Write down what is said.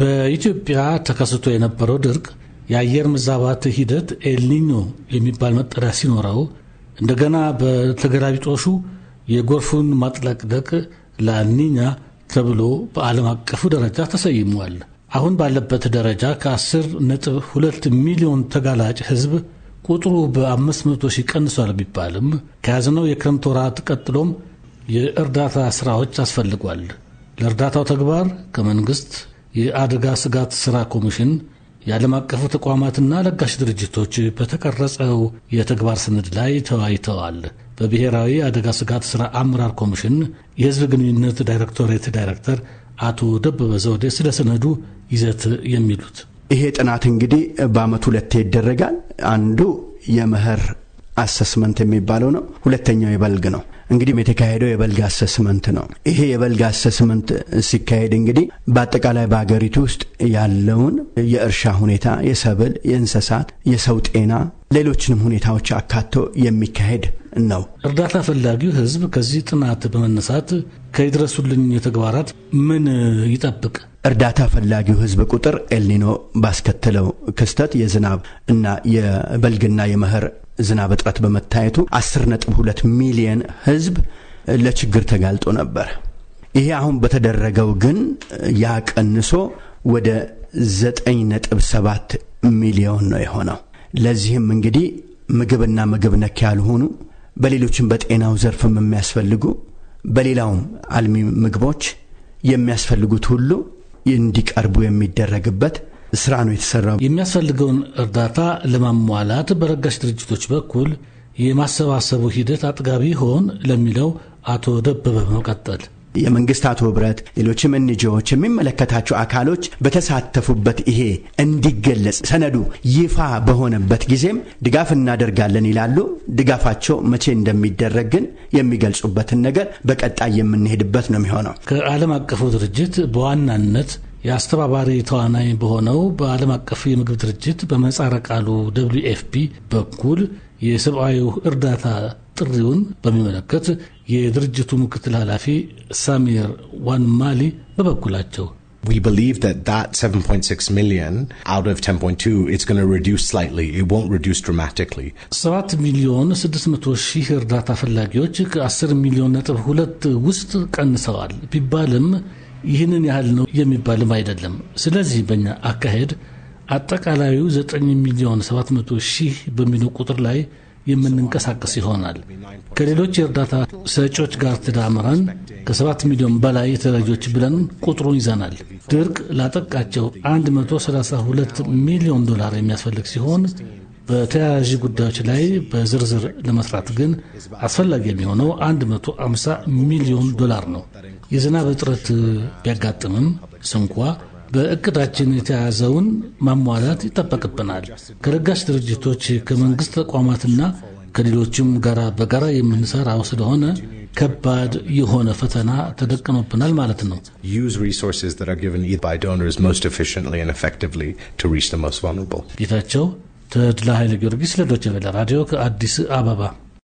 በኢትዮጵያ ተከስቶ የነበረው ድርቅ የአየር መዛባት ሂደት ኤልኒኞ የሚባል መጠሪያ ሲኖረው እንደገና በተገላቢጦሹ የጎርፉን ማጥለቅለቅ ላኒኛ ተብሎ በዓለም አቀፉ ደረጃ ተሰይሟል። አሁን ባለበት ደረጃ ከ10 ነጥብ 2 ሚሊዮን ተጋላጭ ህዝብ ቁጥሩ በ500 ሺህ ቀንሷል ቢባልም ከያዝነው የክረምት ወራት ቀጥሎም የእርዳታ ስራዎች አስፈልጓል። ለእርዳታው ተግባር ከመንግስት። የአደጋ ስጋት ሥራ ኮሚሽን የዓለም አቀፉ ተቋማትና ለጋሽ ድርጅቶች በተቀረጸው የተግባር ሰነድ ላይ ተወያይተዋል። በብሔራዊ አደጋ ስጋት ሥራ አመራር ኮሚሽን የሕዝብ ግንኙነት ዳይሬክቶሬት ዳይሬክተር አቶ ደበበ ዘውዴ ስለ ሰነዱ ይዘት የሚሉት ይሄ ጥናት እንግዲህ በዓመት ሁለቴ ይደረጋል። አንዱ የመኸር አሰስመንት የሚባለው ነው። ሁለተኛው የበልግ ነው። እንግዲህ የተካሄደው የበልግ አሰስመንት ነው። ይሄ የበልግ አሰስመንት ሲካሄድ እንግዲህ በአጠቃላይ በሀገሪቱ ውስጥ ያለውን የእርሻ ሁኔታ፣ የሰብል፣ የእንስሳት፣ የሰው ጤና፣ ሌሎችንም ሁኔታዎች አካቶ የሚካሄድ ነው። እርዳታ ፈላጊው ህዝብ ከዚህ ጥናት በመነሳት ከይድረሱልኝ ተግባራት ምን ይጠብቅ? እርዳታ ፈላጊው ህዝብ ቁጥር ኤልኒኖ ባስከተለው ክስተት የዝናብ እና የበልግና የመኸር ዝናብ እጥረት በመታየቱ 10.2 ሚሊየን ህዝብ ለችግር ተጋልጦ ነበር። ይሄ አሁን በተደረገው ግን ያቀንሶ ወደ 9.7 ሚሊዮን ነው የሆነው። ለዚህም እንግዲህ ምግብና ምግብ ነክ ያልሆኑ በሌሎችም በጤናው ዘርፍም የሚያስፈልጉ በሌላውም አልሚ ምግቦች የሚያስፈልጉት ሁሉ እንዲቀርቡ የሚደረግበት ስራ ነው የተሰራው። የሚያስፈልገውን እርዳታ ለማሟላት በረጋሽ ድርጅቶች በኩል የማሰባሰቡ ሂደት አጥጋቢ ሆን ለሚለው አቶ ደበበ መቀጠል የመንግስታቱ ህብረት፣ ሌሎችም እንጂዎች፣ የሚመለከታቸው አካሎች በተሳተፉበት ይሄ እንዲገለጽ ሰነዱ ይፋ በሆነበት ጊዜም ድጋፍ እናደርጋለን ይላሉ። ድጋፋቸው መቼ እንደሚደረግ ግን የሚገልጹበትን ነገር በቀጣይ የምንሄድበት ነው የሚሆነው። ከዓለም አቀፉ ድርጅት በዋናነት የአስተባባሪ ተዋናይ በሆነው በዓለም አቀፍ የምግብ ድርጅት በመጻረ ቃሉ ደብልዩ ፒ በኩል የሰብአዊ እርዳታ ጥሪውን በሚመለከት የድርጅቱ ምክትል ኃላፊ ሳሚር ዋንማሊ በበኩላቸው We believe that that 7.6 million out of 10.2, it's going to reduce slightly. It won't reduce dramatically. 7 ሚሊዮን 600 ሺህ እርዳታ ፈላጊዎች ከ10 ሚሊዮን ነጥብ ሁለት ውስጥ ቀንሰዋል ቢባልም ይህንን ያህል ነው የሚባልም አይደለም። ስለዚህ በእኛ አካሄድ አጠቃላዩ 9 ሚሊዮን 700 ሺህ በሚለው ቁጥር ላይ የምንንቀሳቀስ ይሆናል። ከሌሎች የእርዳታ ሰጪዎች ጋር ተዳምረን ከሰባት ሚሊዮን በላይ ተረጂዎች ብለን ቁጥሩን ይዘናል። ድርቅ ላጠቃቸው 132 ሚሊዮን ዶላር የሚያስፈልግ ሲሆን በተያያዥ ጉዳዮች ላይ በዝርዝር ለመስራት ግን አስፈላጊ የሚሆነው 150 ሚሊዮን ዶላር ነው። የዝናብ እጥረት ቢያጋጥምም ስንኳ በእቅዳችን የተያዘውን ማሟላት ይጠበቅብናል። ከረጋሽ ድርጅቶች፣ ከመንግስት ተቋማትና ከሌሎችም ጋራ በጋራ የምንሰራው ስለሆነ ከባድ የሆነ ፈተና ተደቅኖብናል ማለት ነው። ጌታቸው ተድላ ኃይለ ጊዮርጊስ ለዶይቼ ቬለ ራዲዮ ከአዲስ አበባ